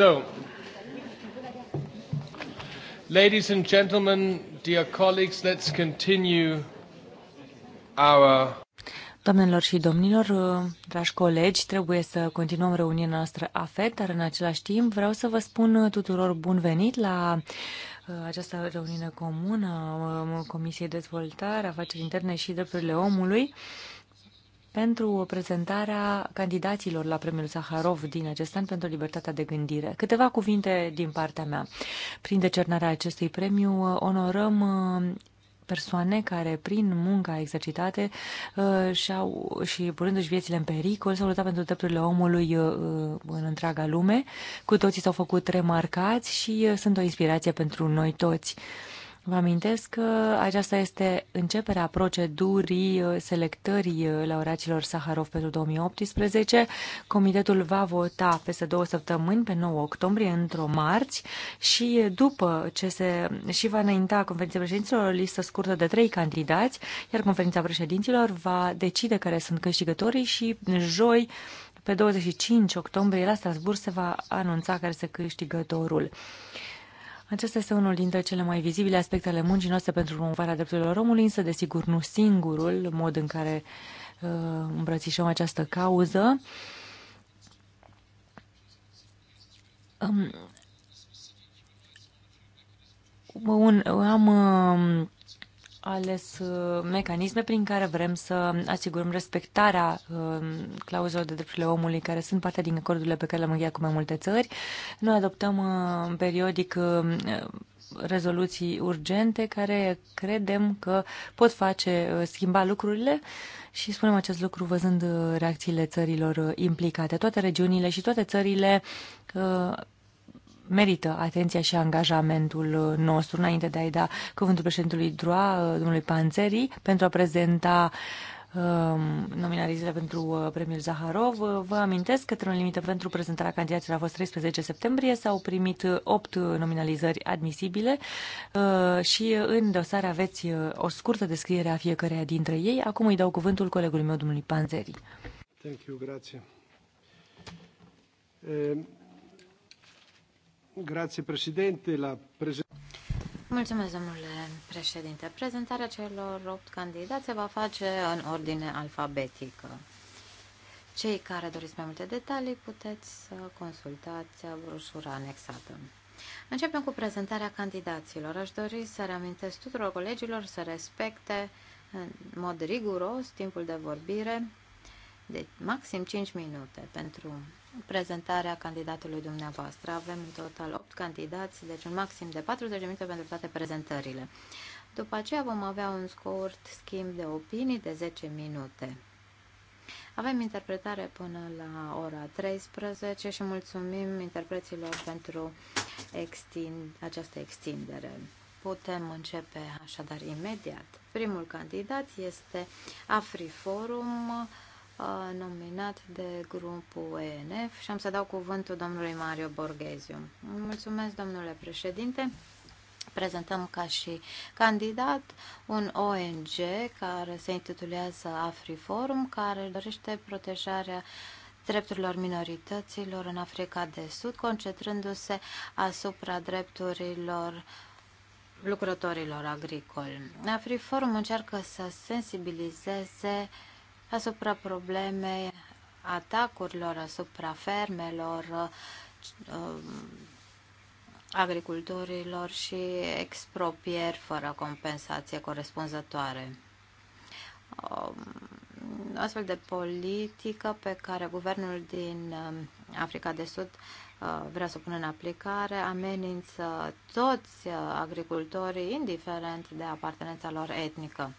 So, ladies and gentlemen, dear colleagues, let's continue our. Doamnelor și domnilor, dragi colegi, trebuie să continuăm reuniunea noastră AFET, dar în același timp vreau să vă spun tuturor bun venit la uh, această reuniune comună uh, Comisiei Dezvoltare, Afaceri Interne și Drepturile Omului pentru prezentarea candidaților la premiul Saharov din acest an pentru libertatea de gândire. Câteva cuvinte din partea mea. Prin decernarea acestui premiu uh, onorăm uh, persoane care, prin munca exercitate uh, și, au, și purându și viețile în pericol, s-au luptat pentru drepturile omului în întreaga lume. Cu toții s-au făcut remarcați și sunt o inspirație pentru noi toți. Vă amintesc că aceasta este începerea procedurii uh, selectării uh, laureaților Saharov pentru 2018. Comitetul va vota peste două săptămâni, pe 9 octombrie, într-o marți și uh, după ce se și va înainta conferința președinților o listă scurtă de trei candidați, iar conferința președinților va decide care sunt câștigătorii și joi pe 25 octombrie la Strasburg se va anunța care este câștigătorul. Acesta este unul dintre cele mai vizibile aspecte ale muncii noastre pentru promovarea drepturilor omului, însă, desigur, nu singurul mod în care uh, îmbrățișăm această cauză. Um, un, am uh, ales uh, mecanisme prin care vrem să asigurăm respectarea um, clauzelor de drepturile omului care sunt parte din acordurile pe care le-am încheiat cu mai multe țări. Noi adoptăm uh, periodic uh, rezoluții urgente care credem că pot face schimba lucrurile și spunem acest lucru văzând reacțiile țărilor implicate. Toate regiunile și toate țările merită atenția și angajamentul nostru înainte de a-i da cuvântul președintului Droa, domnului Panțerii, pentru a prezenta um, nominalizările pentru uh, premiul Zaharov. Vă amintesc că termenul limită pentru prezentarea candidaților a fost 13 septembrie. S-au primit 8 nominalizări admisibile uh, și în dosare aveți uh, o scurtă descriere a fiecăreia dintre ei. Acum îi dau cuvântul colegului meu, domnului Panzeri. Thank you, grazie. Grazie, La Mulțumesc, domnule președinte. Prezentarea celor opt candidați se va face în ordine alfabetică. Cei care doriți mai multe detalii puteți să consultați broșura anexată. Începem cu prezentarea candidaților. Aș dori să reamintesc tuturor colegilor să respecte în mod riguros timpul de vorbire de maxim 5 minute pentru prezentarea candidatului dumneavoastră. Avem în total 8 candidați, deci un maxim de 40 de minute pentru toate prezentările. După aceea vom avea un scurt schimb de opinii de 10 minute. Avem interpretare până la ora 13 și mulțumim interpreților pentru extind, această extindere. Putem începe așadar imediat. Primul candidat este AfriForum nominat de grupul ENF și am să dau cuvântul domnului Mario Borgheziu. Mulțumesc, domnule președinte. Prezentăm ca și candidat un ONG care se intitulează AfriForum, care dorește protejarea drepturilor minorităților în Africa de Sud, concentrându-se asupra drepturilor lucrătorilor agricoli. AfriForum încearcă să sensibilizeze asupra problemei atacurilor asupra fermelor, um, agricultorilor și expropieri fără compensație corespunzătoare. O um, astfel de politică pe care guvernul din um, Africa de Sud uh, vrea să o pună în aplicare amenință toți uh, agricultorii, indiferent de apartenența lor etnică.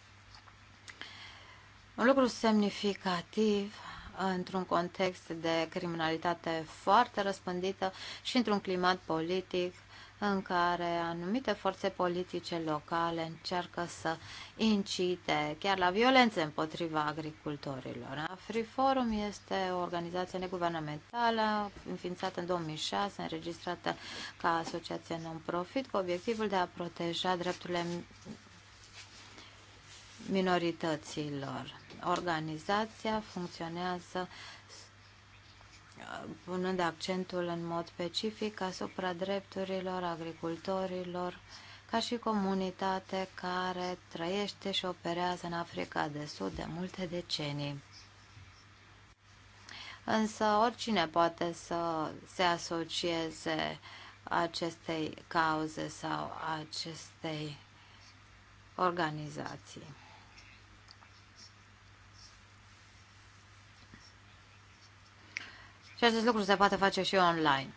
Un lucru semnificativ într-un context de criminalitate foarte răspândită și într-un climat politic în care anumite forțe politice locale încearcă să incite chiar la violențe împotriva agricultorilor. Free Forum este o organizație neguvernamentală înființată în 2006, înregistrată ca asociație non-profit cu obiectivul de a proteja drepturile minorităților. Organizația funcționează uh, punând accentul în mod specific asupra drepturilor agricultorilor, ca și comunitate care trăiește și operează în Africa de Sud de multe decenii. Însă oricine poate să se asocieze acestei cauze sau acestei organizații. Și acest lucru se poate face și online.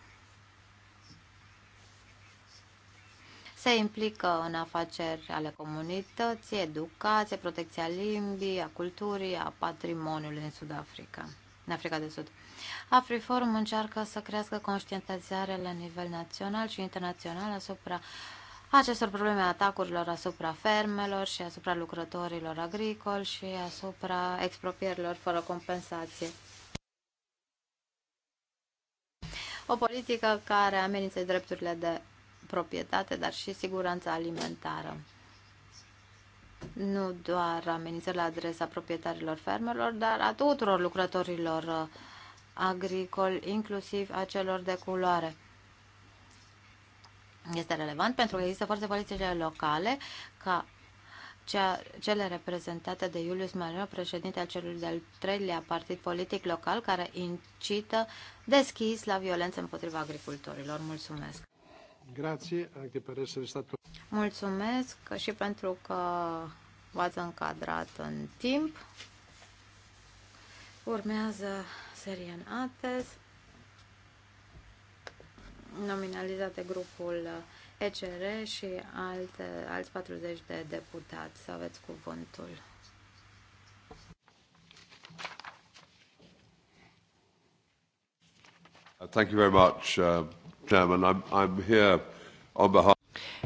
Se implică în afaceri ale comunității, educație, protecția limbii, a culturii, a patrimoniului în Sud-Africa, în Africa de Sud. AfriForum încearcă să crească conștientizarea la nivel național și internațional asupra acestor probleme atacurilor asupra fermelor și asupra lucrătorilor agricoli și asupra expropierilor fără compensație. o politică care amenință drepturile de proprietate, dar și siguranța alimentară. Nu doar amenințări la adresa proprietarilor fermelor, dar a tuturor lucrătorilor uh, agricoli, inclusiv a celor de culoare. Este relevant pentru că există forțe politice locale ca cea, cele reprezentate de Iulius Marino, președinte al celui de-al treilea partid politic local, care incită deschis la violență împotriva agricultorilor. Mulțumesc! Grazie, anche per essere stato... Mulțumesc și pentru că v-ați încadrat în timp. Urmează Serian Ates, nominalizat de grupul ECR și alte, alți 40 de deputați. Să aveți cuvântul. Thank you very much, uh, Chairman. I'm, I'm here on behalf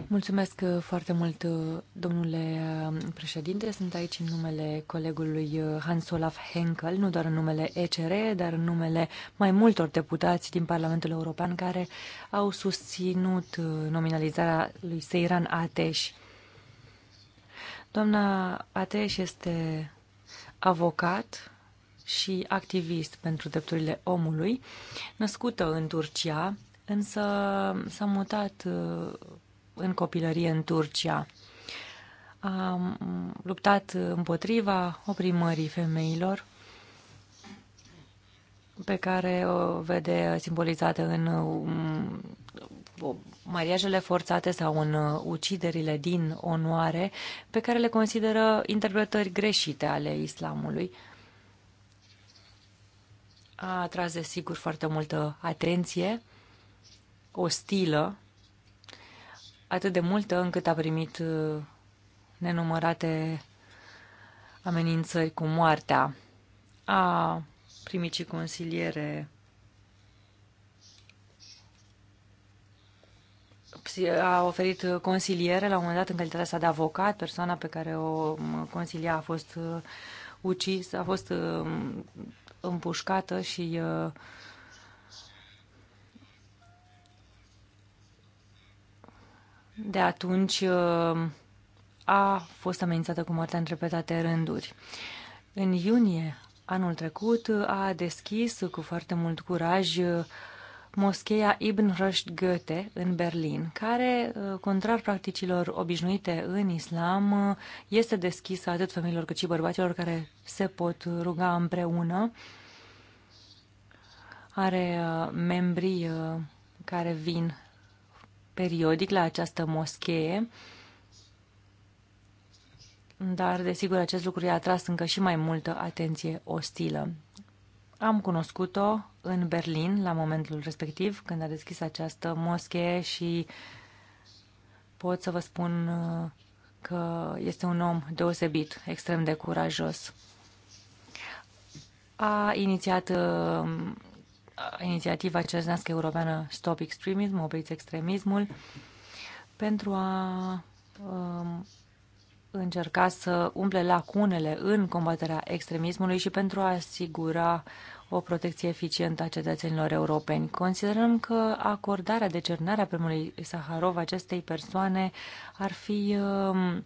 Mulțumesc uh, foarte mult, uh, domnule uh, președinte. Sunt aici în numele colegului Hans Olaf Henkel, nu doar în numele ECR, dar în numele mai multor deputați din Parlamentul European care au susținut nominalizarea lui Seiran Ateș. Doamna Ateș este avocat și activist pentru drepturile omului, născută în Turcia, însă s-a mutat în copilărie în Turcia. A luptat împotriva oprimării femeilor, pe care o vede simbolizată în um, mariajele forțate sau în uciderile din onoare, pe care le consideră interpretări greșite ale islamului. A atras, desigur, foarte multă atenție ostilă atât de multă încât a primit uh, nenumărate amenințări cu moartea. A primit și consiliere a oferit consiliere la un moment dat în calitatea sa de avocat, persoana pe care o consilia a fost uh, ucis, a fost uh, împușcată și de atunci uh, a fost amenințată cu moartea între petate rânduri. În iunie anul trecut a deschis cu foarte mult curaj uh, moscheea Ibn Rushd Goethe în Berlin, care, uh, contrar practicilor obișnuite în islam, este deschisă atât femeilor cât și bărbaților care se pot ruga împreună. Are membrii care vin periodic la această moschee, dar, desigur, acest lucru i-a atras încă și mai multă atenție ostilă. Am cunoscut-o în Berlin, la momentul respectiv, când a deschis această moschee și pot să vă spun uh, că este un om deosebit, extrem de curajos. A inițiat uh, inițiativa cerzească europeană Stop Extremism, Opriți Extremismul, pentru a um, încerca să umple lacunele în combaterea extremismului și pentru a asigura o protecție eficientă a cetățenilor europeni. Considerăm că acordarea, decernarea primului Saharov acestei persoane ar fi um,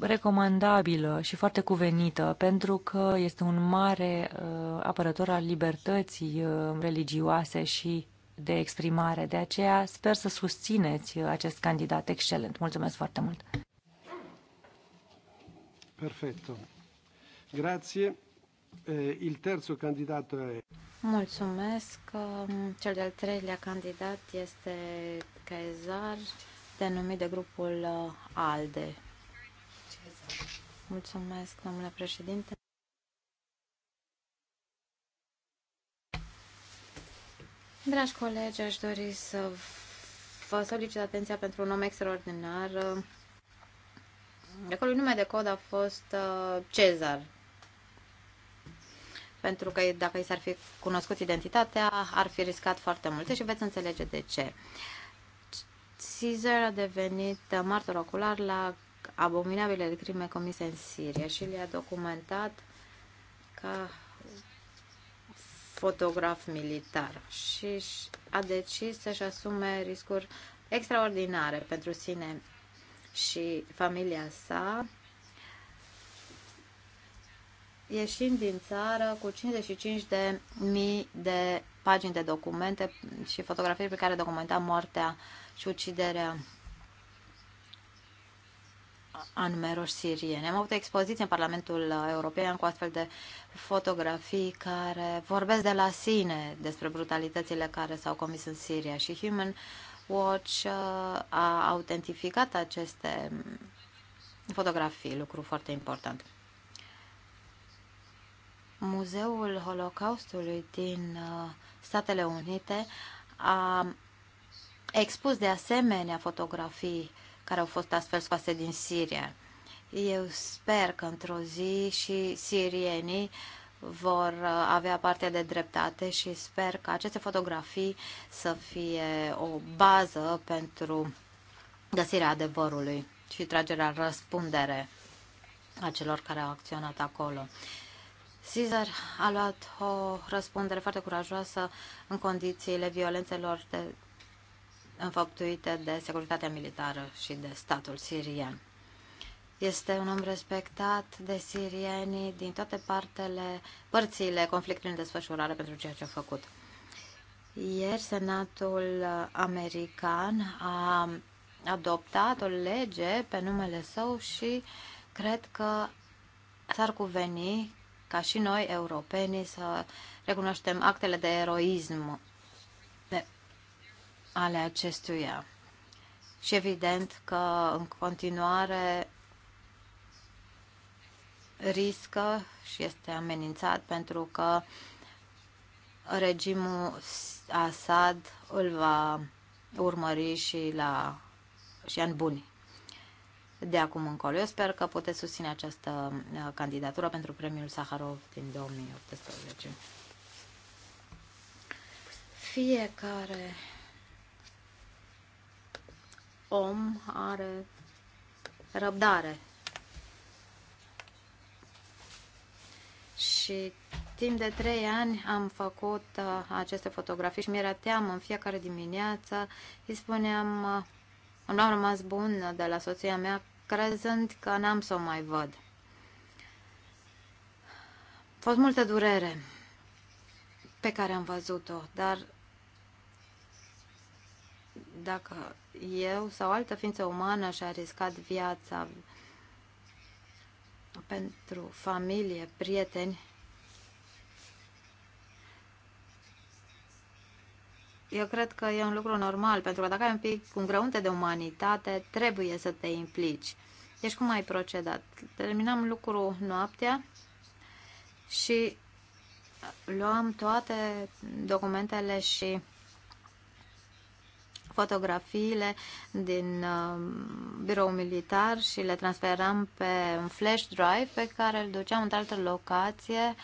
recomandabilă și foarte cuvenită, pentru că este un mare uh, apărător al libertății uh, religioase și de exprimare. De aceea sper să susțineți uh, acest candidat excelent. Mulțumesc foarte mult! Perfect. Grazie. Eh, il terzo candidato è... Mulțumesc. Um, cel de-al treilea candidat este Caezar, denumit de grupul ALDE. Mulțumesc, domnule președinte. Dragi colegi, aș dori să vă solicit atenția pentru un om extraordinar. Acolo nume de cod a fost uh, Cezar. Pentru că dacă i s-ar fi cunoscut identitatea, ar fi riscat foarte multe și veți înțelege de ce. Caesar a devenit martor ocular la de crime comise în Siria și le-a documentat ca fotograf militar și a decis să-și asume riscuri extraordinare pentru sine și familia sa, ieșind din țară cu 55 de mii de pagini de documente și fotografii pe care documenta moartea și uciderea anume roși sirieni. Am avut o expoziție în Parlamentul European cu astfel de fotografii care vorbesc de la sine despre brutalitățile care s-au comis în Siria și Human Watch uh, a autentificat aceste fotografii, lucru foarte important. Muzeul Holocaustului din uh, Statele Unite a expus de asemenea fotografii care au fost astfel scoase din Siria. Eu sper că într-o zi și sirienii vor uh, avea parte de dreptate și sper că aceste fotografii să fie o bază pentru găsirea adevărului și tragerea în răspundere a celor care au acționat acolo. Caesar a luat o răspundere foarte curajoasă în condițiile violențelor de înfăptuite de securitatea militară și de statul sirian. Este un om respectat de sirieni din toate partele, părțile conflictului în desfășurare pentru ceea ce a făcut. Ieri, Senatul American a adoptat o lege pe numele său și cred că s-ar cuveni ca și noi, europenii, să recunoaștem actele de eroism ale acestuia. Și evident că în continuare riscă și este amenințat pentru că regimul Assad îl va urmări și la și în buni de acum încolo. Eu sper că puteți susține această uh, candidatură pentru premiul Saharov din 2018. Fiecare om are răbdare. Și timp de trei ani am făcut uh, aceste fotografii și mi-era teamă în fiecare dimineață. Îi spuneam, uh, nu am rămas bun de la soția mea, crezând că n-am să o mai văd. A fost multă durere pe care am văzut-o, dar dacă eu sau altă ființă umană și-a riscat viața pentru familie, prieteni, eu cred că e un lucru normal, pentru că dacă ai un pic un grăunte de umanitate, trebuie să te implici. Deci cum ai procedat? Terminam lucrul noaptea și luam toate documentele și fotografiile din um, birou militar și le transferam pe un flash drive pe care îl duceam într altă locație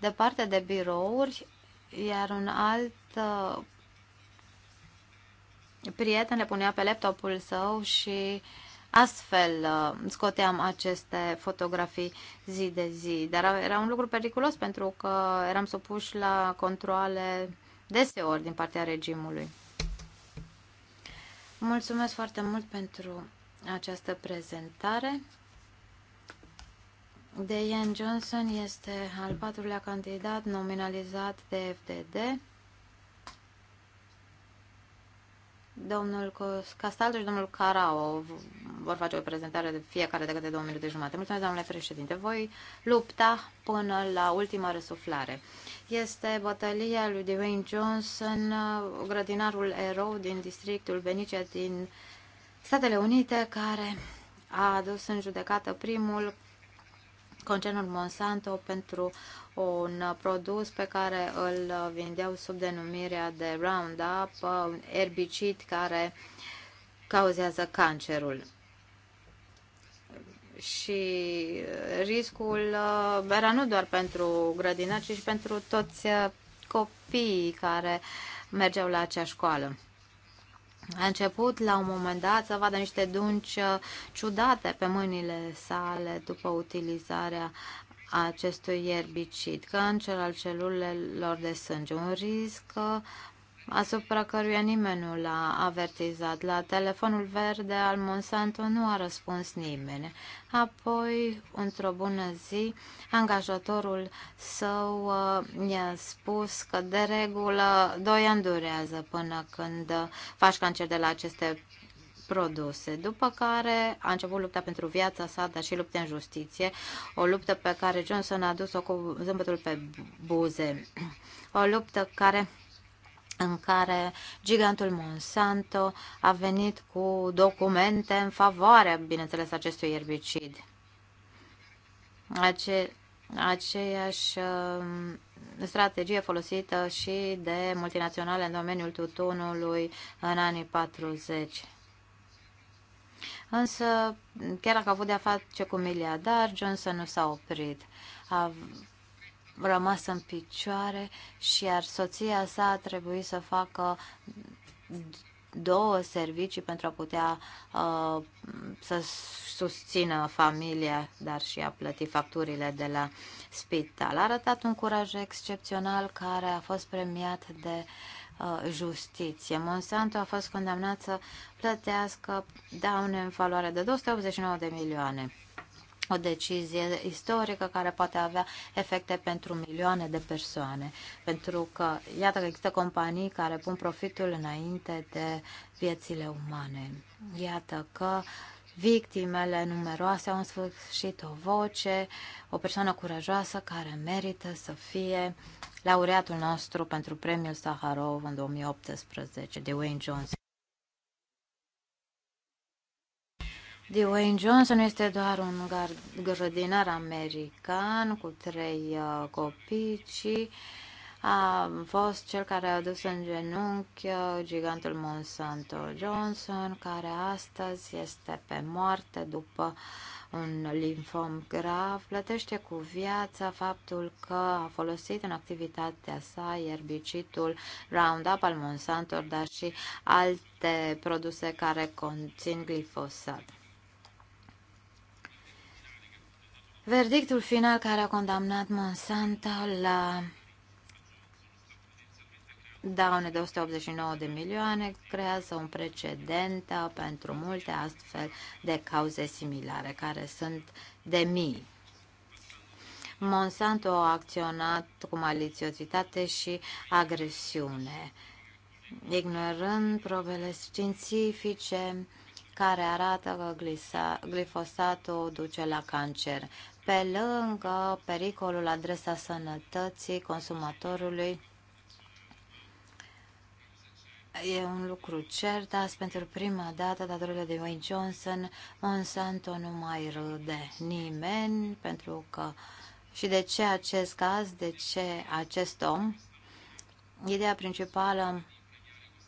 departe de birouri, iar un alt uh, prieten le punea pe laptopul său și astfel uh, scoteam aceste fotografii zi de zi. Dar era un lucru periculos pentru că eram supuși la controle deseori din partea regimului. Mulțumesc foarte mult pentru această prezentare. Dejan Johnson este al patrulea candidat nominalizat de FDD Domnul Castaldo și domnul Carao vor face o prezentare de fiecare de câte două minute jumate. Mulțumesc, domnule președinte. Voi lupta până la ultima răsuflare. Este bătălia lui Dwayne Johnson, grădinarul erou din districtul Benicia din Statele Unite, care a adus în judecată primul concernul Monsanto pentru un produs pe care îl vindeau sub denumirea de Roundup, un erbicid care cauzează cancerul. Și riscul uh, era nu doar pentru grădinari, ci și pentru toți uh, copiii care mergeau la acea școală a început la un moment dat să vadă niște dunci uh, ciudate pe mâinile sale după utilizarea acestui erbicid, cancer al celulelor de sânge, un risc uh, asupra căruia nimeni nu l-a avertizat. La telefonul verde al Monsanto nu a răspuns nimeni. Apoi, într-o bună zi, angajatorul său uh, i-a spus că de regulă doi ani durează până când faci cancer de la aceste produse, după care a început lupta pentru viața sa, dar și lupta în justiție, o luptă pe care Johnson a dus-o cu zâmbetul pe buze, o luptă care în care gigantul Monsanto a venit cu documente în favoarea, bineînțeles, acestui erbicid. Ace- aceeași um, strategie folosită și de multinaționale în domeniul tutunului în anii 40. Însă, chiar dacă a avut de-a face cu miliardari, Johnson nu s-a oprit. A rămas în picioare și iar soția sa a trebuit să facă două servicii pentru a putea uh, să susțină familia, dar și a plăti facturile de la spital. A arătat un curaj excepțional care a fost premiat de uh, justiție. Monsanto a fost condamnat să plătească daune în valoare de 289 de milioane o decizie istorică care poate avea efecte pentru milioane de persoane. Pentru că, iată că există companii care pun profitul înainte de viețile umane. Iată că victimele numeroase au în sfârșit o voce, o persoană curajoasă care merită să fie laureatul nostru pentru premiul Saharov în 2018 de Wayne Johnson. Dwayne Johnson este doar un grădinar american cu trei uh, copii, ci a fost cel care a adus în genunchi uh, gigantul Monsanto Johnson, care astăzi este pe moarte după un linfom grav, plătește cu viața faptul că a folosit în activitatea sa erbicitul Roundup al Monsanto, dar și alte produse care conțin glifosat. Verdictul final care a condamnat Monsanto la daune de 189 de milioane creează un precedent pentru multe astfel de cauze similare, care sunt de mii. Monsanto a acționat cu maliciozitate și agresiune, ignorând probele științifice care arată că glifosatul duce la cancer pe lângă pericolul adresa sănătății consumatorului, E un lucru cert, azi pentru prima dată, datorile de Wayne Johnson, Monsanto nu mai râde nimeni, pentru că și de ce acest caz, de ce acest om, ideea principală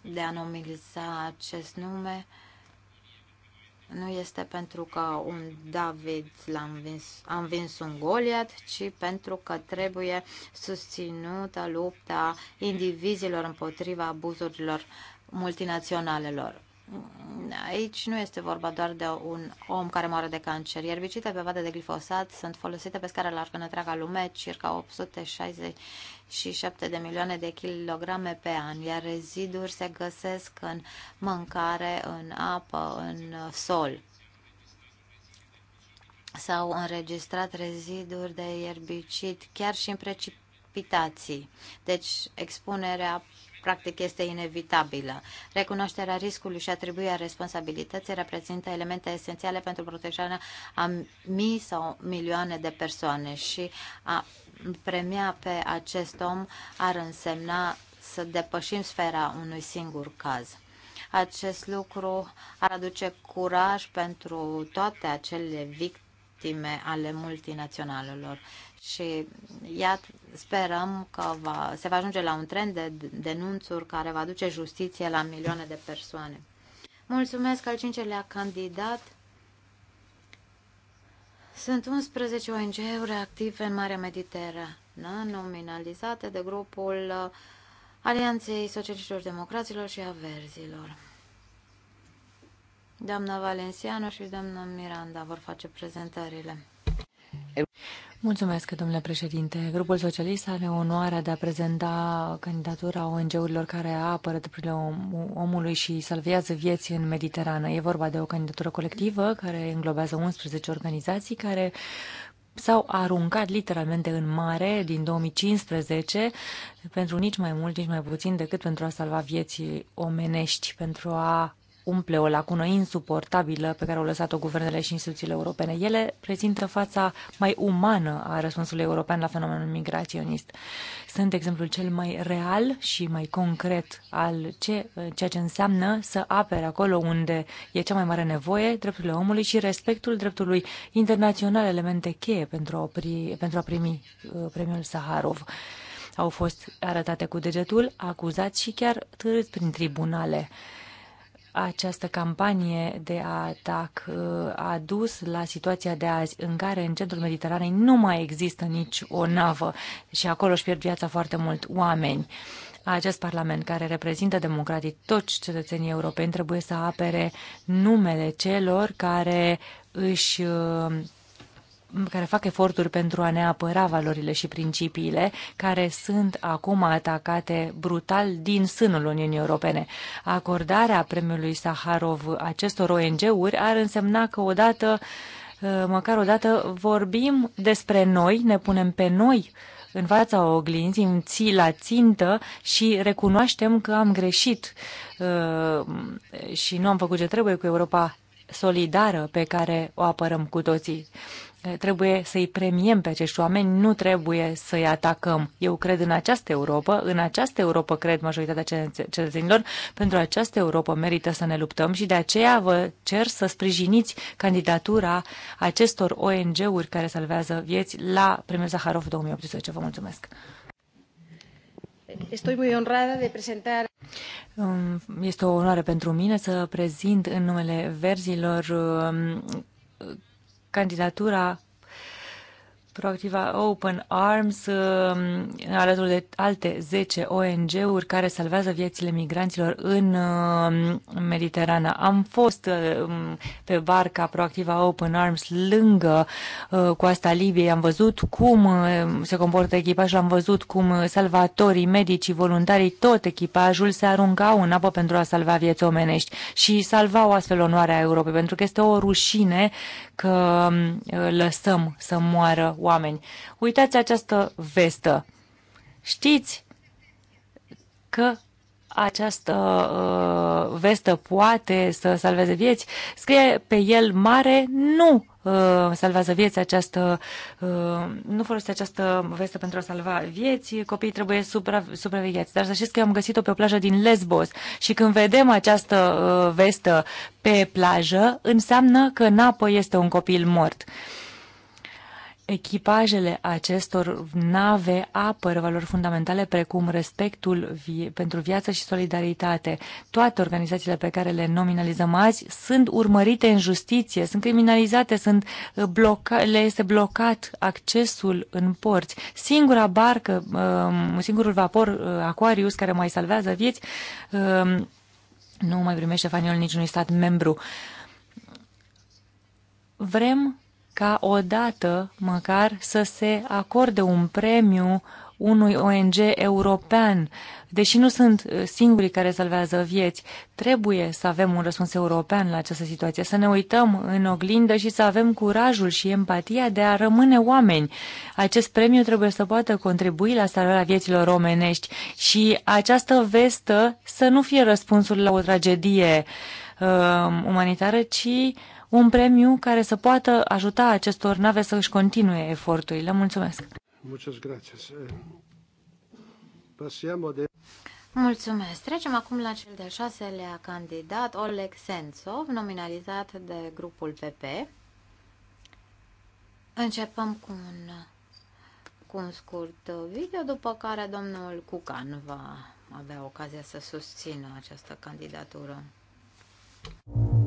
de a nominaliza acest nume, uh, nu este pentru că un David l-a învins, a învins un Goliat, ci pentru că trebuie susținută lupta indivizilor împotriva abuzurilor multinaționalelor. Aici nu este vorba doar de un om care moare de cancer. Ierbicide pe vadă de glifosat sunt folosite pe scară largă în întreaga lume, circa 867 de milioane de kilograme pe an, iar reziduri se găsesc în mâncare, în apă, în sol. S-au înregistrat reziduri de ierbicid chiar și în precipitații. Deci expunerea practic este inevitabilă. Recunoașterea riscului și atribuirea responsabilității reprezintă elemente esențiale pentru protejarea a mii sau milioane de persoane și a premia pe acest om ar însemna să depășim sfera unui singur caz. Acest lucru ar aduce curaj pentru toate acele victime ale multinaționalelor. Și iată, sperăm că va, se va ajunge la un trend de denunțuri care va duce justiție la milioane de persoane. Mulțumesc al cincelea candidat. Sunt 11 ONG-uri active în Marea Mediterană, nominalizate de grupul uh, Alianței Socialiștilor Democraților și Averzilor. Doamna Valenciano și doamna Miranda vor face prezentările. Mulțumesc, domnule președinte. Grupul Socialist are onoarea de a prezenta candidatura ONG-urilor care apără drepturile omului și salvează vieți în Mediterană. E vorba de o candidatură colectivă care înglobează 11 organizații care s-au aruncat literalmente în mare din 2015 pentru nici mai mult, nici mai puțin decât pentru a salva vieții omenești, pentru a umple o lacună insuportabilă pe care au lăsat-o guvernele și instituțiile europene. Ele prezintă fața mai umană a răspunsului european la fenomenul migraționist. Sunt exemplul cel mai real și mai concret al ce, ceea ce înseamnă să apere acolo unde e cea mai mare nevoie drepturile omului și respectul dreptului internațional, elemente cheie pentru a, opri, pentru a primi uh, premiul Saharov au fost arătate cu degetul, acuzați și chiar târât prin tribunale această campanie de atac a dus la situația de azi în care în centrul Mediteranei nu mai există nici o navă și acolo își pierd viața foarte mult oameni. Acest parlament care reprezintă democratic toți cetățenii europeni trebuie să apere numele celor care își care fac eforturi pentru a ne apăra valorile și principiile care sunt acum atacate brutal din sânul Uniunii Europene. Acordarea premiului Saharov acestor ONG-uri ar însemna că odată, uh, măcar odată, vorbim despre noi, ne punem pe noi în fața oglinzii, la țintă și recunoaștem că am greșit uh, și nu am făcut ce trebuie cu Europa solidară pe care o apărăm cu toții. Eh, trebuie să-i premiem pe acești oameni, nu trebuie să-i atacăm. Eu cred în această Europa, în această Europa cred majoritatea cetățenilor, pentru această Europa merită să ne luptăm și de aceea vă cer să sprijiniți candidatura acestor ONG-uri care salvează vieți la Premiul Zaharov 2018. Vă mulțumesc! Estoy muy honrada de presentar. Este o onoare pentru mine să prezint în numele verzilor um, candidatura proactiva Open Arms, um, alături de alte 10 ONG-uri care salvează viețile migranților în um, Mediterana. Am fost um, pe barca proactiva Open Arms lângă uh, coasta Libiei, am văzut cum uh, se comportă echipajul, am văzut cum salvatorii, medicii, voluntarii, tot echipajul se aruncau în apă pentru a salva vieți omenești și salvau astfel onoarea Europei, pentru că este o rușine că mm, lăsăm să moară oameni. Uitați această vestă. Știți că această uh, vestă poate să salveze vieți, scrie pe el mare, nu uh, salvează vieți această, uh, nu folosește această vestă pentru a salva vieți, copiii trebuie supra, supravegheați. Dar să știți că am găsit-o pe o plajă din Lesbos și când vedem această uh, vestă pe plajă, înseamnă că în apă este un copil mort. Uh, echipajele acestor nave apără valori fundamentale precum respectul vie, pentru viață și solidaritate. Toate organizațiile pe care le nominalizăm azi sunt urmărite în justiție, sunt criminalizate, sunt bloca, le este blocat accesul în porți. Singura barcă, um, singurul vapor uh, Aquarius care mai salvează vieți um, nu mai primește faniul niciunui stat membru. Vrem ca odată măcar să se acorde un premiu unui ONG european. Deși nu sunt uh, singurii care salvează vieți, trebuie să avem un răspuns european la această situație, să ne uităm în oglindă și să avem curajul și empatia de a rămâne oameni. Acest premiu trebuie să poată contribui la salvarea vieților omenești și această vestă să nu fie răspunsul la o tragedie uh, umanitară, ci un premiu care să poată ajuta acestor nave să își continue eforturile. Mulțumesc! Eh, Mulțumesc! Trecem acum la cel de-al șaselea candidat, Oleg Sentsov, nominalizat de grupul PP. Începem cu un, cu un scurt video, după care domnul Cucan va avea ocazia să susțină această candidatură. Thank you.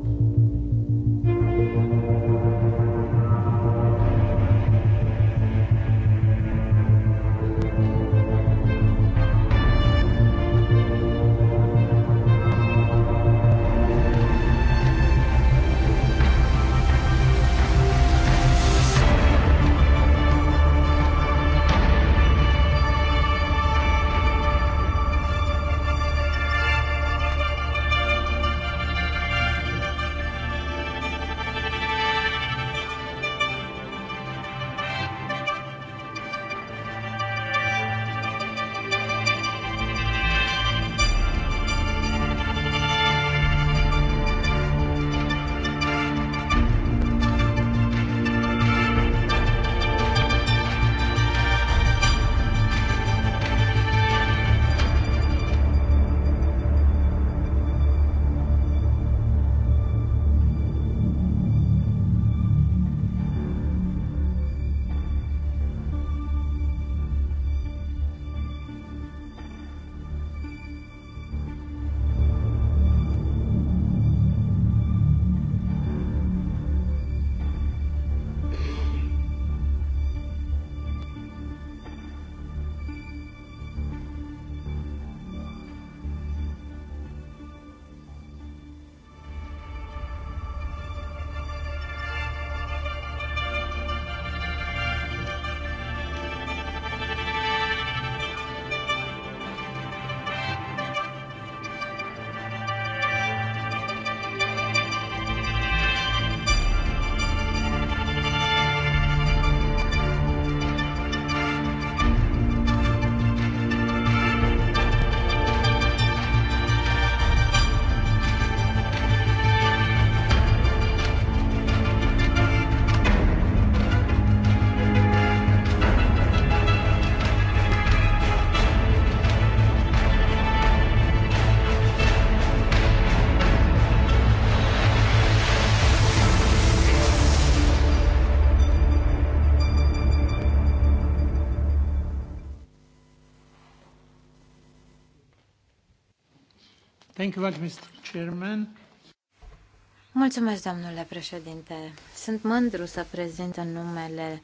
Mulțumesc, domnule președinte. Sunt mândru să prezint în numele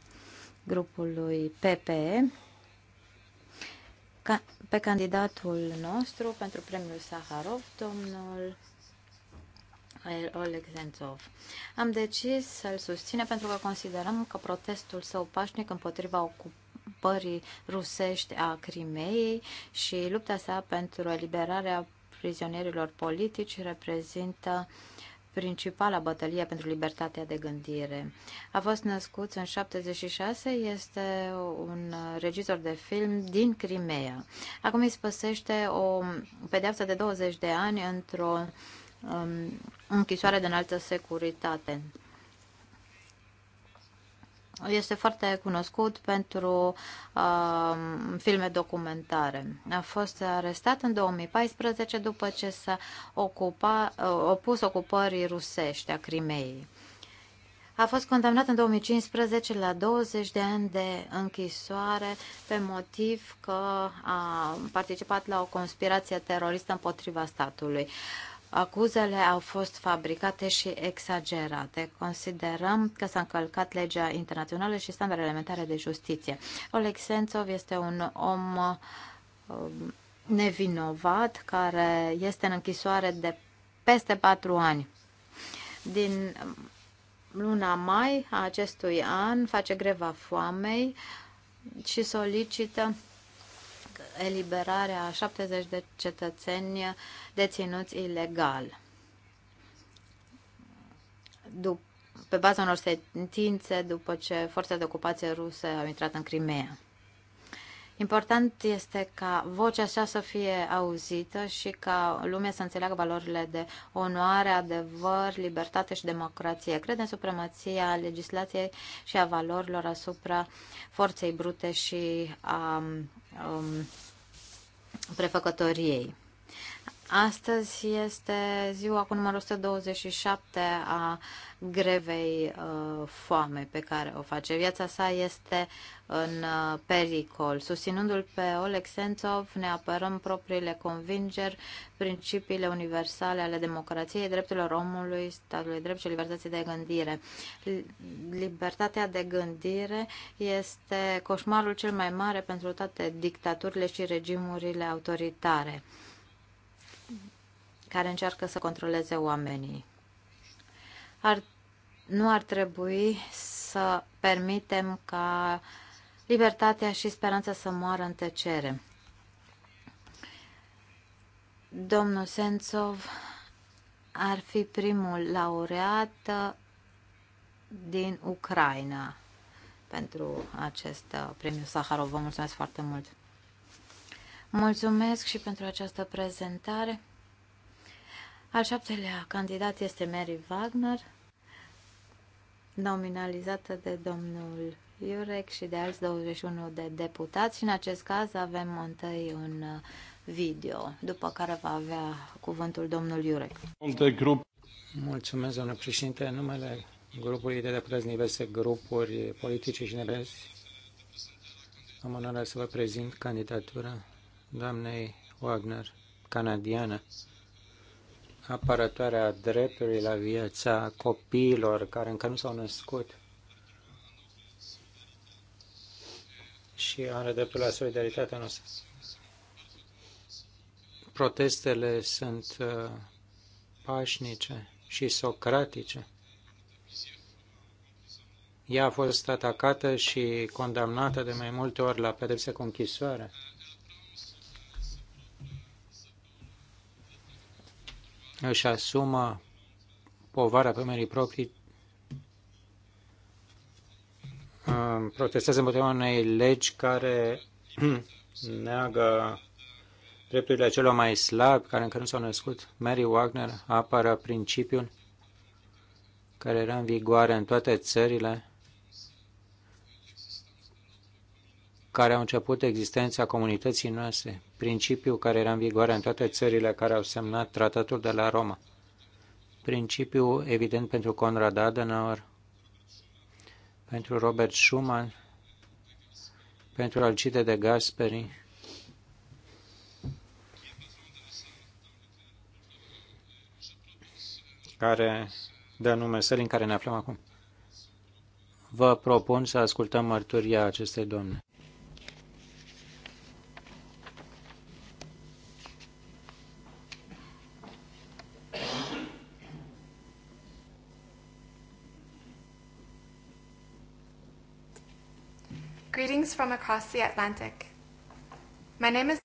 grupului PPE pe candidatul nostru pentru premiul Saharov, domnul Oleg Zentov. Am decis să-l susține pentru că considerăm că protestul său pașnic împotriva ocupării rusești a Crimeei și lupta sa pentru eliberarea prizonierilor politici reprezintă principala bătălie pentru libertatea de gândire. A fost născut în 76, este un regizor de film din Crimea. Acum îi spăsește o pedeapsă de 20 de ani într-o um, închisoare de înaltă securitate este foarte cunoscut pentru uh, filme documentare. A fost arestat în 2014 după ce s-a ocupa, uh, opus ocupării rusești a Crimeei. A fost condamnat în 2015 la 20 de ani de închisoare pe motiv că a participat la o conspirație teroristă împotriva statului. Uh, Acuzele au fost fabricate și exagerate. Considerăm că s-a încălcat legea internațională și standardele elementare de justiție. Oleg Sentsov este un om um, nevinovat care este în închisoare de peste patru ani. Din um, luna mai a acestui an face greva foamei și solicită eliberarea a 70 de cetățeni deținuți ilegal. După pe baza unor sentințe după ce forțele de ocupație ruse au intrat în Crimea. Important este ca vocea așa să fie auzită și ca lumea să înțeleagă valorile de onoare, adevăr, libertate și democrație. Crede în supremația legislației și a valorilor asupra forței brute și a um, prefăcătoriei. Astăzi este ziua cu numărul 127 a grevei uh, foame pe care o face. Viața sa este în uh, pericol. Susținându-l pe Oleg Sentsov, ne apărăm propriile convingeri, principiile universale ale democrației, drepturilor omului, statului drept și libertății de gândire. Libertatea de gândire este coșmarul cel mai mare pentru toate dictaturile și regimurile autoritare care încearcă să controleze oamenii. Ar, nu ar trebui să permitem ca libertatea și speranța să moară în tăcere. Domnul Sențov ar fi primul laureat uh, din Ucraina pentru acest uh, premiu Saharov. Vă mulțumesc foarte mult! Mulțumesc și pentru această prezentare. Al șaptelea candidat este Mary Wagner, nominalizată de domnul Iurec și de alți 21 de deputați și în acest caz avem întâi un uh, video, după care va avea cuvântul domnul Iurec. Grup. Mulțumesc, domnule președinte. În numele grupului de deputați din diverse grupuri politice și nevezi, am onoarea să vă prezint candidatura doamnei Wagner, canadiană, apărătoarea dreptului la viața copiilor care încă nu s-au născut și are dreptul la solidaritatea noastră. Protestele sunt uh, pașnice și socratice. Ea a fost atacată și condamnată de mai multe ori la pedepse cu închisoare. își asumă povara pe merii proprii, uh, protestează împotriva unei legi care neagă drepturile celor mai slabi, care încă nu s-au născut. Mary Wagner apără principiul care era în vigoare în toate țările care au început existența comunității noastre, principiu care era în vigoare în toate țările care au semnat tratatul de la Roma. Principiu evident pentru Conrad Adenauer, pentru Robert Schuman, pentru Alcide de Gasperi, care dă nume sării în care ne aflăm acum. Vă propun să ascultăm mărturia acestei domne. across the Atlantic. My name is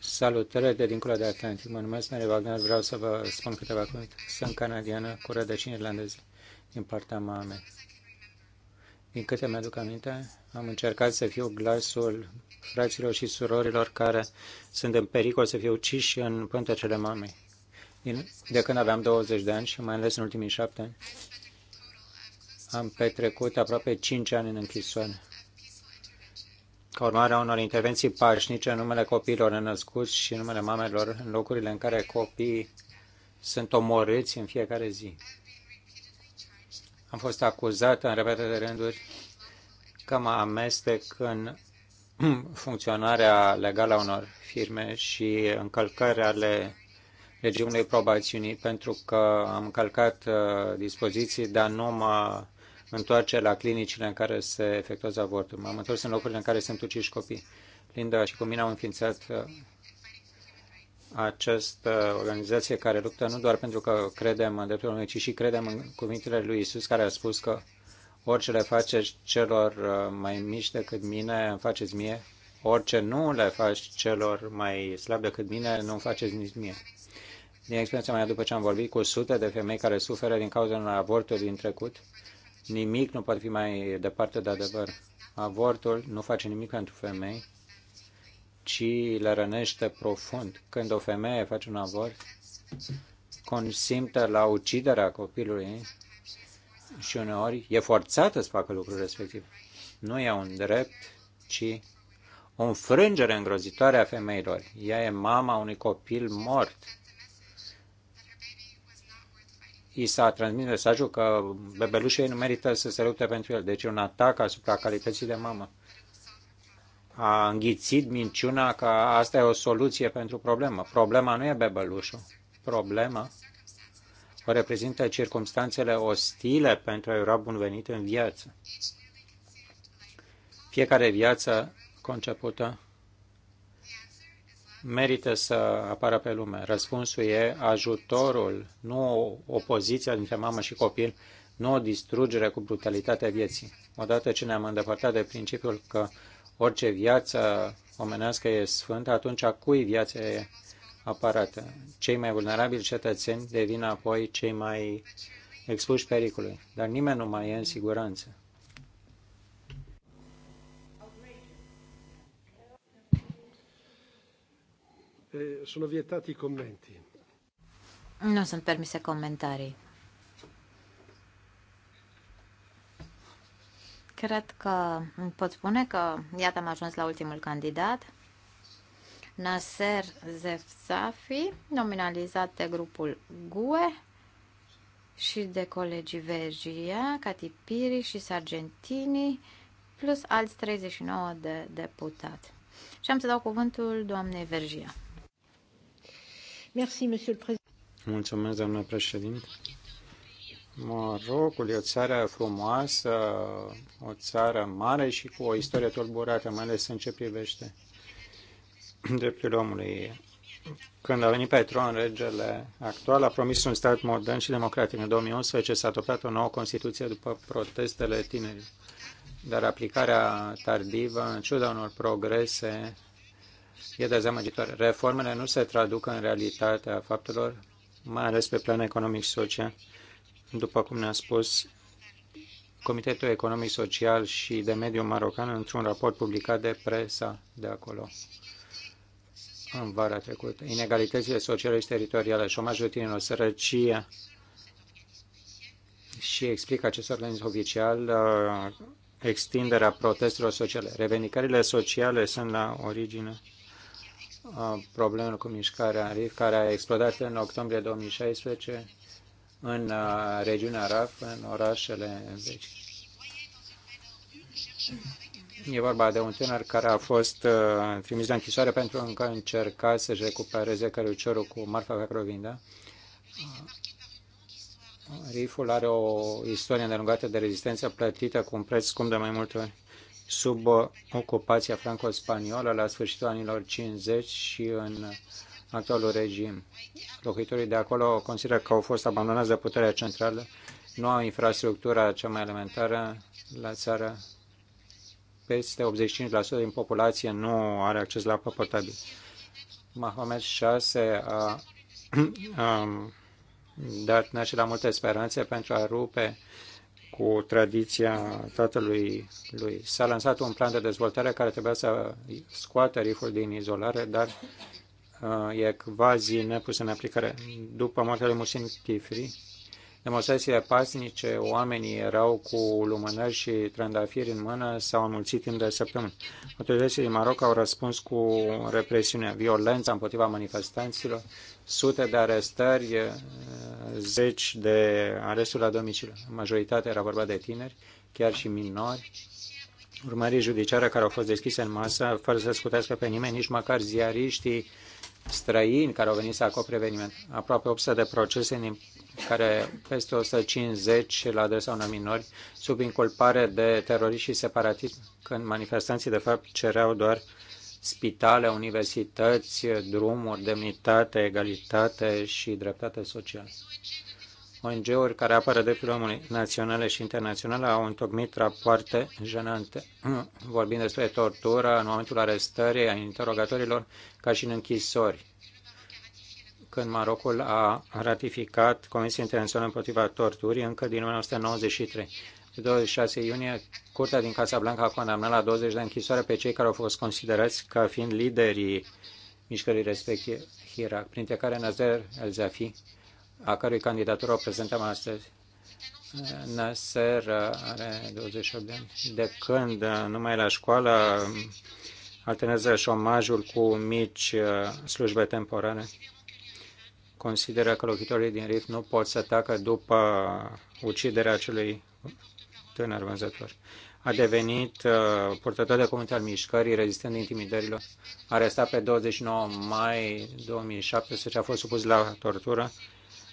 Salutare de dincolo de Atlantic. Mă numesc Mary Wagner. Vreau să vă spun câteva cuvinte. Sunt canadiană cu rădăcini irlandeze din partea mamei. Din câte mi-aduc aminte, am încercat să fiu glasul fraților și surorilor care sunt în pericol să fie uciși în pântecele mamei. Din, de când aveam 20 de ani și mai ales în ultimii șapte ani, am petrecut aproape 5 ani în închisoare ca urmare a unor intervenții pașnice în numele copiilor născuți și în numele mamelor în locurile în care copiii sunt omorâți în fiecare zi. Am fost acuzată în repetate rânduri că mă amestec în funcționarea legală a unor firme și încălcări ale regimului probațiunii pentru că am încălcat uh, dispoziții, dar nu mă întoarce la clinicile în care se efectuează avortul. M-am întors în locurile în care sunt uciși copii. Linda și cu mine au înființat uh, această organizație care luptă nu doar pentru că credem în dreptul omului, ci și credem în cuvintele lui Isus care a spus că orice le faceți celor uh, mai mici decât mine, îmi faceți mie, orice nu le faci celor mai slabi decât mine, nu îmi faceți nici mie. Din experiența mea, după ce am vorbit cu sute de femei care suferă din cauza unor avorturi din trecut, Nimic nu poate fi mai departe de adevăr. Avortul nu face nimic pentru femei, ci le rănește profund. Când o femeie face un avort, consimte la uciderea copilului și uneori e forțată să facă lucrul respectiv. Nu e un drept, ci o înfrângere îngrozitoare a femeilor. Ea e mama unui copil mort i s-a transmis mesajul că bebelușul ei nu merită să se lupte pentru el. Deci un atac asupra calității de mamă. A înghițit minciuna că asta e o soluție pentru problemă. Problema nu e bebelușul. Problema o reprezintă circumstanțele ostile pentru a era bun venit în viață. Fiecare viață concepută merită să apară pe lume. Răspunsul e ajutorul, nu o opoziție dintre mamă și copil, nu o distrugere cu brutalitatea vieții. Odată ce ne-am îndepărtat de principiul că orice viață omenească e sfântă, atunci a cui viața e aparată? Cei mai vulnerabili cetățeni devin apoi cei mai expuși pericolului, dar nimeni nu mai e în siguranță. sono vietati i commenti. Nu sunt permise comentarii. Cred că pot spune că, iată, am ajuns la ultimul candidat. Nasser Zefzafi, nominalizat de grupul GUE și de colegii Vergia, Catipiri și Sargentini, plus alți 39 de deputați. Și am să dau cuvântul doamnei Vergia. Mulțumesc, doamnă președinte. Marocul e o țară frumoasă, o țară mare și cu o istorie tulburată, mai ales în ce privește dreptul omului. Când a venit pe tron regele actual, a promis un stat modern și democratic. În 2011 s-a adoptat o nouă Constituție după protestele tinerilor. Dar aplicarea tardivă, în ciuda unor progrese e dezamăgitoare. Reformele nu se traduc în realitatea faptelor, mai ales pe plan economic și social. După cum ne-a spus Comitetul Economic Social și de Mediu Marocan într-un raport publicat de presa de acolo în vara trecută. Inegalitățile sociale și teritoriale, șomajul tinerilor, sărăcia și explică acest organism oficial uh, extinderea protestelor sociale. Revendicările sociale sunt la origine problemelor cu mișcarea RIF, care a explodat în octombrie 2016 în uh, regiunea RAF, în orașele vechi. E vorba de un tânăr care a fost uh, trimis la închisoare pentru că încerca să-și recupereze căruciorul cu marfa care Riful are o istorie îndelungată de rezistență plătită cu un preț scump de mai multe ori sub ocupația franco-spaniolă la sfârșitul anilor 50 și în actualul regim. Locuitorii de acolo consideră că au fost abandonați de puterea centrală, nu au infrastructura cea mai elementară la țară. Peste 85% din populație nu are acces la apă potabilă. Mahomet VI a, a dat naștere la multe speranțe pentru a rupe cu tradiția tatălui lui. S-a lansat un plan de dezvoltare care trebuia să scoată riful din izolare, dar uh, e cvazi nepus în aplicare. După moartea lui Musin Tifri, demonstrațiile pasnice, oamenii erau cu lumânări și trandafiri în mână, s-au înmulțit timp de săptămâni. Autoritățile din Maroc au răspuns cu represiune, violența împotriva manifestanților, sute de arestări, eh, zeci de aresturi la domiciliu. Majoritatea era vorba de tineri, chiar și minori. Urmării judiciare care au fost deschise în masă, fără să scutească pe nimeni, nici măcar ziariștii străini care au venit să acopere eveniment. Aproape 800 de procese din care peste 150 la adresa unor minori sub inculpare de terorism și separatism, când manifestanții de fapt cereau doar spitale, universități, drumuri, demnitate, egalitate și dreptate socială. ONG-uri care apără drepturile omului naționale și internaționale au întocmit rapoarte jenante, vorbind despre tortură în momentul arestării a interogatorilor ca și în închisori. Când Marocul a ratificat Convenția Internațională împotriva torturii încă din 1993. Pe 26 iunie, Curtea din Casablanca a condamnat la 20 de închisoare pe cei care au fost considerați ca fiind liderii mișcării respective Hirak, printre care Nazer El-Zafi, a cărui candidatură o prezentăm astăzi. Nasser are 28 de ani. De când numai la școală alternează șomajul cu mici uh, slujbe temporare. Consideră că locuitorii din RIF nu pot să tacă după uciderea acelui tânăr vânzător. A devenit uh, purtător de cuvânt al mișcării, rezistând intimidărilor. Arestat pe 29 mai 2017, a fost supus la tortură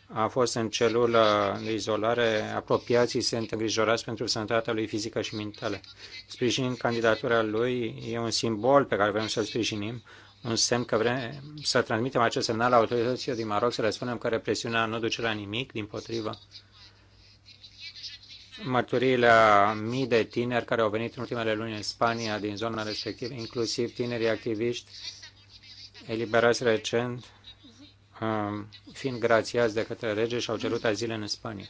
a fost în celulă de izolare, apropiații sunt îngrijorați pentru sănătatea lui fizică și mentală. Sprijin candidatura lui e un simbol pe care vrem să-l sprijinim, un semn că vrem să transmitem acest semnal la autoritățile din Maroc, să le spunem că represiunea nu duce la nimic, din potrivă. Mărturiile a mii de tineri care au venit în ultimele luni în Spania din zona respectivă, inclusiv tinerii activiști eliberați recent Um, fiind grațiați de către rege și au cerut azil în Spania.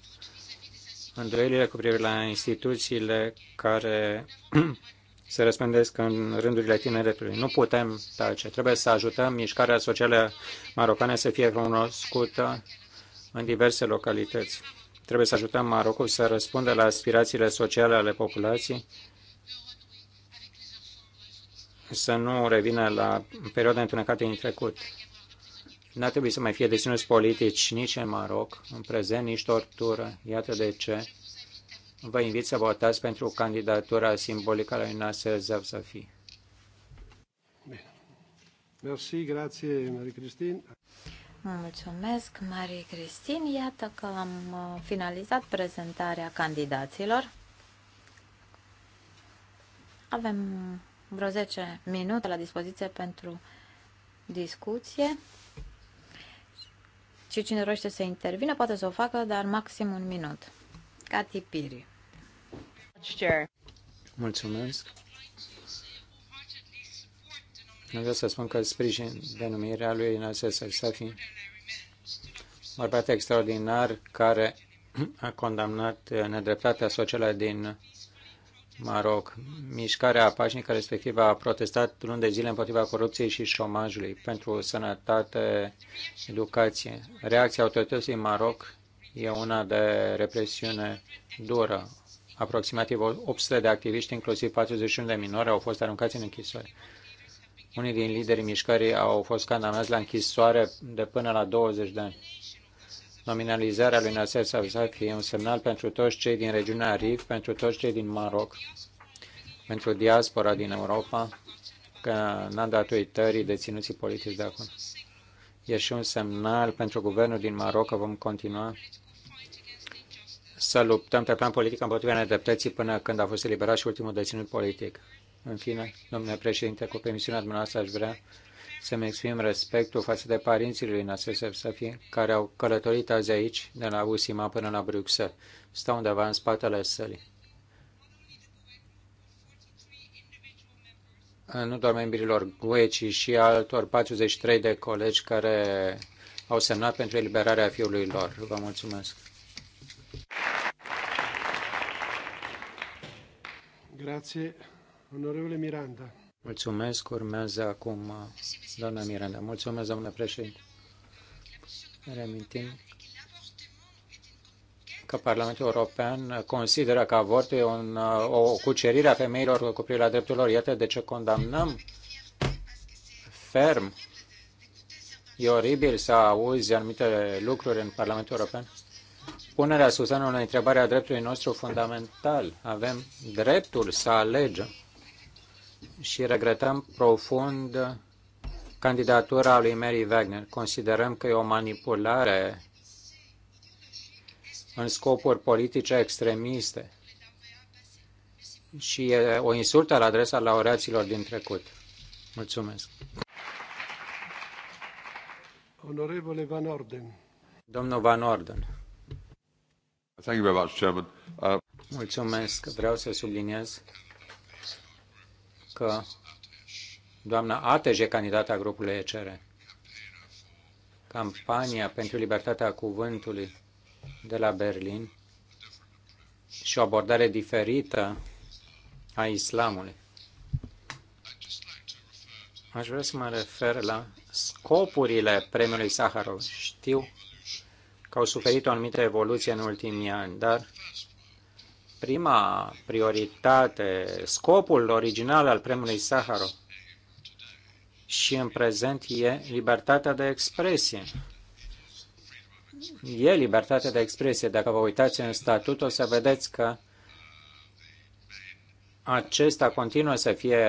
Îndoielile cu privire la instituțiile care se răspândesc în rândurile tineretului. Nu putem tace. Trebuie să ajutăm mișcarea socială marocană să fie cunoscută în diverse localități. Trebuie să ajutăm Marocul să răspundă la aspirațiile sociale ale populației, să nu revină la perioade întunecate din trecut n a trebuit să mai fie deținuți politici nici în Maroc, în prezent, nici tortură. Iată de ce vă invit să votați pentru candidatura simbolică la lui Nasser Zafzafi. Mersi, grație, Marie Cristin. Mulțumesc, Marie Cristin. Iată că am uh, finalizat prezentarea candidaților. Avem vreo 10 minute la dispoziție pentru discuție. Și cine dorește să intervină poate să o facă, dar maxim un minut. Cati Piri. Mulțumesc. Nu vreau să spun că sprijin denumirea lui Inazes Al-Safi, bărbat extraordinar care a condamnat nedreptatea socială din Maroc. Mișcarea pașnică respectivă a protestat luni de zile împotriva corupției și șomajului pentru sănătate, educație. Reacția autorității Maroc e una de represiune dură. Aproximativ 800 de activiști, inclusiv 41 de minori, au fost aruncați în închisoare. Unii din liderii mișcării au fost condamnați la închisoare de până la 20 de ani. Nominalizarea lui Nasser Sazafi e un semnal pentru toți cei din regiunea RIF, pentru toți cei din Maroc, pentru diaspora din Europa, că n-a dat uitării deținuții politici de acum. E și un semnal pentru guvernul din Maroc că vom continua să luptăm pe plan politic împotriva nedreptății până când a fost eliberat și ultimul deținut politic. În fine, domnule președinte, cu permisiunea dumneavoastră aș vrea să-mi exprim respectul față de părinții lui Nasser Safi, care au călătorit azi aici, de la Usima până la Bruxelles. Stau undeva în spatele sălii. nu doar membrilor GUE, ci și altor 43 de colegi care au semnat pentru eliberarea fiului lor. Vă mulțumesc. Grazie, onorevole Miranda. Mulțumesc. Urmează acum uh, doamna Miranda. Mulțumesc, doamna președinte. Reamintim că Parlamentul European consideră că avortul e un, uh, o cucerire a femeilor cu privire la dreptul lor. Iată de ce condamnăm ferm. E oribil să auzi anumite lucruri în Parlamentul European. Punerea Suzanului în întrebare a dreptului nostru fundamental. Avem dreptul să alegem și regretăm profund candidatura lui Mary Wagner. Considerăm că e o manipulare în scopuri politice extremiste și e o insultă la adresa laureaților din trecut. Mulțumesc. Onorevole Van Orden. Domnul Van Orden. Thank you very much, Chairman. Uh... Mulțumesc. Vreau să subliniez că doamna Atej e candidata grupului ECR. Campania pentru libertatea cuvântului de la Berlin și o abordare diferită a islamului. Aș vrea să mă refer la scopurile premiului Saharov. Știu că au suferit o anumită evoluție în ultimii ani, dar prima prioritate, scopul original al premiului Saharov și în prezent e libertatea de expresie. E libertatea de expresie. Dacă vă uitați în statut, o să vedeți că acesta continuă să fie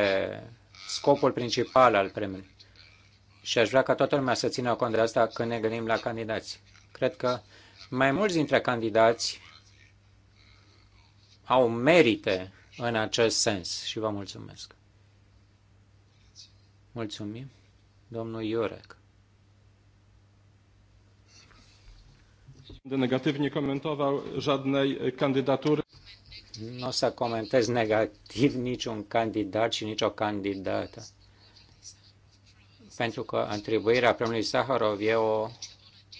scopul principal al premiului. Și aș vrea ca toată lumea să țină cont de asta când ne gândim la candidați. Cred că mai mulți dintre candidați au merite în acest sens și vă mulțumesc. Mulțumim, domnul Iurec. Będę negatywnie komentował żadnej kandydatury. Nu o să comentez negativ niciun candidat și nicio candidată. Pentru că atribuirea premiului Saharov e o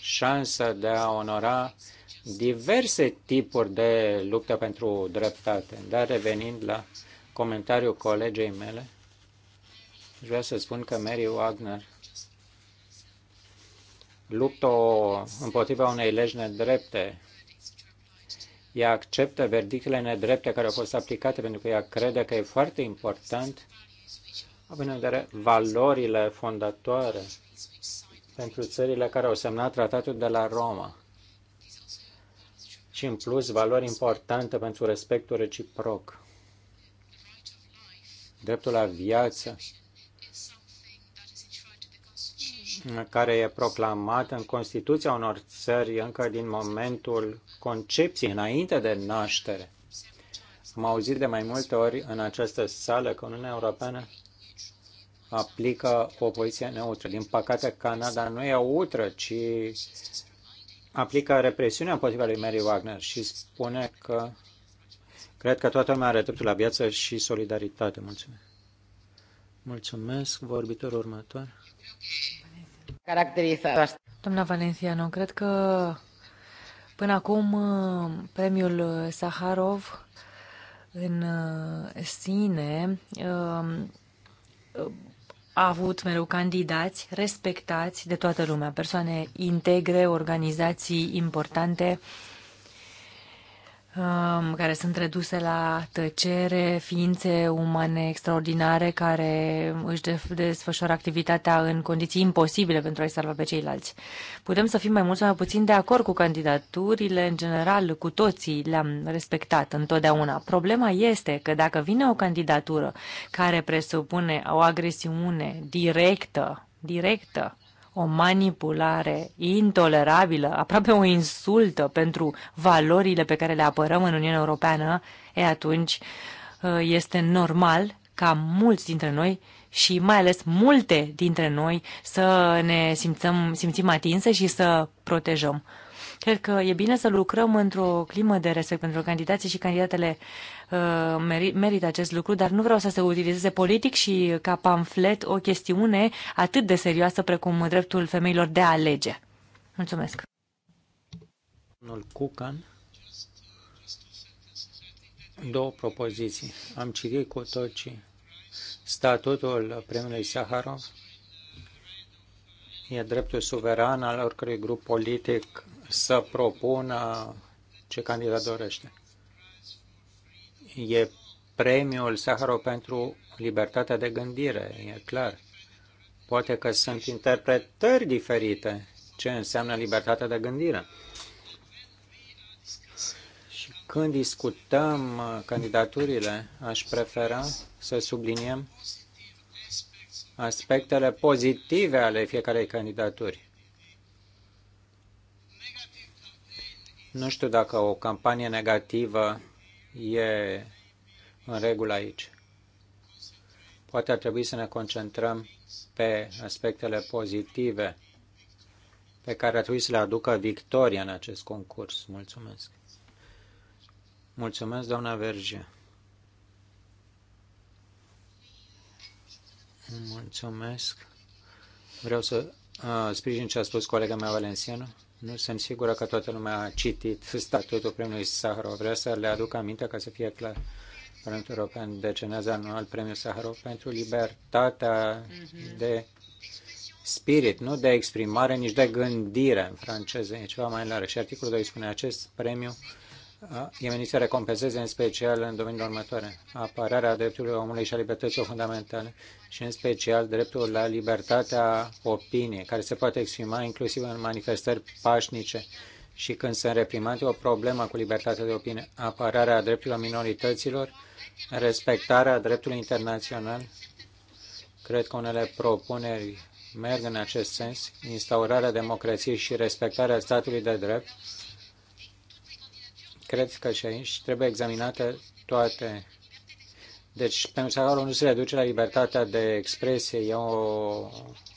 șansă de a onora diverse tipuri de luptă pentru dreptate. Dar revenind la comentariul colegei mele, vreau să spun că Mary Wagner luptă împotriva unei legi nedrepte. Ea acceptă verdictele nedrepte care au fost aplicate pentru că ea crede că e foarte important având în vedere valorile fondatoare pentru țările care au semnat tratatul de la Roma și, în plus, valori importante pentru respectul reciproc. Dreptul la viață, care e proclamat în Constituția unor țări încă din momentul concepției, înainte de naștere. Am auzit de mai multe ori în această sală că Uniunea Europeană aplică o poziție neutră. Din păcate, Canada nu e utră, ci aplică represiunea împotriva lui Mary Wagner și spune că cred că toată lumea are dreptul la viață și solidaritate. Mulțumesc. Mulțumesc. Vorbitorul următor. domnul Doamna Valenciano, cred că până acum uh, premiul Saharov în uh, sine uh, a avut mereu candidați respectați de toată lumea, persoane integre, organizații importante, Um, care sunt reduse la tăcere, ființe umane extraordinare care își desfășoară activitatea în condiții imposibile pentru a-i salva pe ceilalți. Putem să fim mai mult sau mai puțin de acord cu candidaturile, în general, cu toții le-am respectat întotdeauna. Problema este că dacă vine o candidatură care presupune o agresiune directă, directă o manipulare intolerabilă, aproape o insultă pentru valorile pe care le apărăm în Uniunea Europeană, e atunci uh, este normal ca mulți dintre noi și mai ales multe dintre noi să ne simțăm, simțim atinse și să protejăm. Cred că e bine să lucrăm într-o climă de respect pentru candidații și candidatele uh, merită acest lucru, dar nu vreau să se utilizeze politic și ca pamflet o chestiune atât de serioasă precum dreptul femeilor de a alege. Mulțumesc. Domnul Cucan două propoziții. Am citit cu toții statutul primului Saharov. E dreptul suveran al oricărui grup politic să propună ce candidat dorește. E premiul Saharov pentru libertatea de gândire, e clar. Poate că sunt interpretări diferite ce înseamnă libertatea de gândire. Și când discutăm candidaturile, aș prefera să subliniem aspectele pozitive ale fiecarei candidaturi Nu știu dacă o campanie negativă e în regulă aici. Poate ar trebui să ne concentrăm pe aspectele pozitive pe care ar trebui să le aducă victoria în acest concurs. Mulțumesc. Mulțumesc, doamna Verge. Mulțumesc. Vreau să uh, sprijin ce a spus colega mea Valenciano. Nu sunt sigură că toată lumea a citit statutul premiului Saharov. Vreau să le aduc aminte ca să fie clar. Parlamentul European decenează anual premiul Saharov pentru libertatea mhm. de spirit, nu de exprimare, nici de gândire în franceză, e ceva mai larg. Și articolul 2 spune acest premiu da? Yemenii să recompenseze în special în domeniul următoare, apărarea drepturilor omului și a libertăților fundamentale și în special dreptul la libertatea opiniei, care se poate exprima inclusiv în manifestări pașnice și când sunt reprimate o problemă cu libertatea de opinie, apărarea drepturilor minorităților, respectarea dreptului internațional. Cred că unele propuneri merg în acest sens, instaurarea democrației și respectarea statului de drept, Cred că și aici trebuie examinate toate. Deci, pensionarul nu se reduce la libertatea de expresie, e o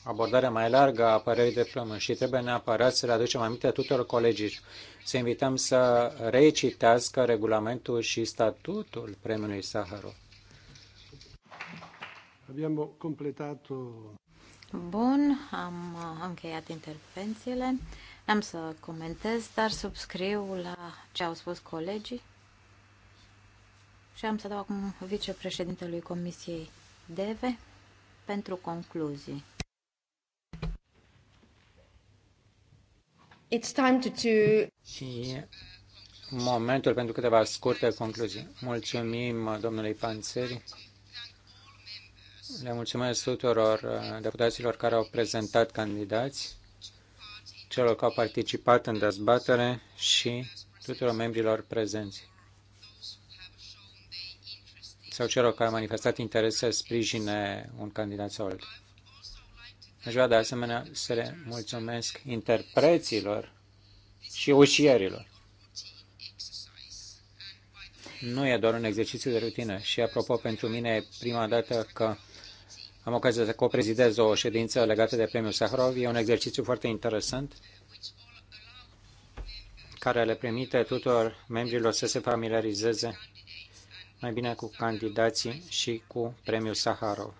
abordare mai largă a părerii de plămân și trebuie neapărat să le aducem aminte tuturor colegii. Să invităm să recitească regulamentul și statutul premiului Saharov. Abbiamo completato Bun, am încheiat intervențiile. Am să comentez, dar subscriu la ce au spus colegii și am să dau acum vicepreședintelui Comisiei DEVE pentru concluzii. It's time to, to... Și momentul pentru câteva scurte concluzii. Mulțumim domnului Panțeri. Le mulțumesc tuturor uh, deputaților care au prezentat candidați celor care au participat în dezbatere și tuturor membrilor prezenți sau celor care au manifestat interes să sprijine un candidat sau altul. Aș vrea de asemenea să le mulțumesc interpreților și ușierilor. Nu e doar un exercițiu de rutină și apropo pentru mine e prima dată că am ocazia să coprezidez o ședință legată de premiul Saharov. E un exercițiu foarte interesant care le permite tuturor membrilor să se familiarizeze mai bine cu candidații și cu premiul Saharov.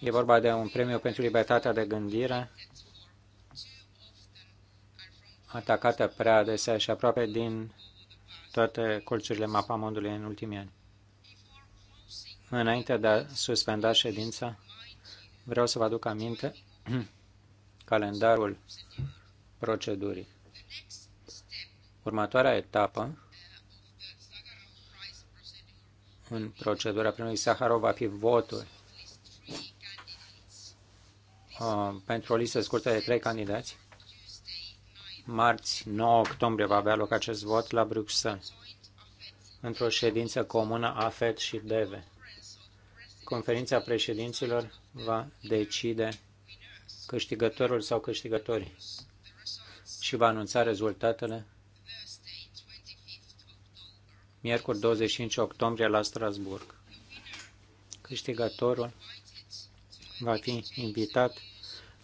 E vorba de un premiu pentru libertatea de gândire atacată prea adesea și aproape din toate colțurile mapamondului în ultimii ani. Înainte de a suspenda ședința, vreau să vă aduc aminte calendarul procedurii. Următoarea etapă în procedura primului Saharov va fi votul uh, pentru o listă scurtă de trei candidați Marți, 9 octombrie, va avea loc acest vot la Bruxelles, într-o ședință comună a Fed și DEVE. Conferința președinților va decide câștigătorul sau câștigătorii și va anunța rezultatele miercuri 25 octombrie la Strasburg. Câștigătorul va fi invitat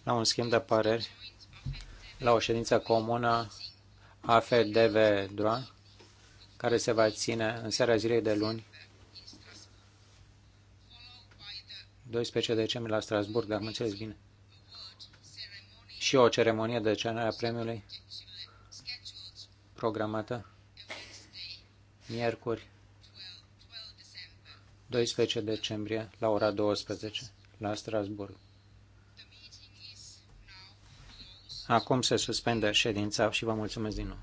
la un schimb de păreri la o ședință comună a FDV Droa, care se va ține în seara zilei de luni, 12 decembrie la Strasburg, dacă mă înțeles bine. Și o ceremonie de cenare a premiului programată miercuri 12 decembrie la ora 12 la Strasburg. Acum se suspendă ședința și vă mulțumesc din nou.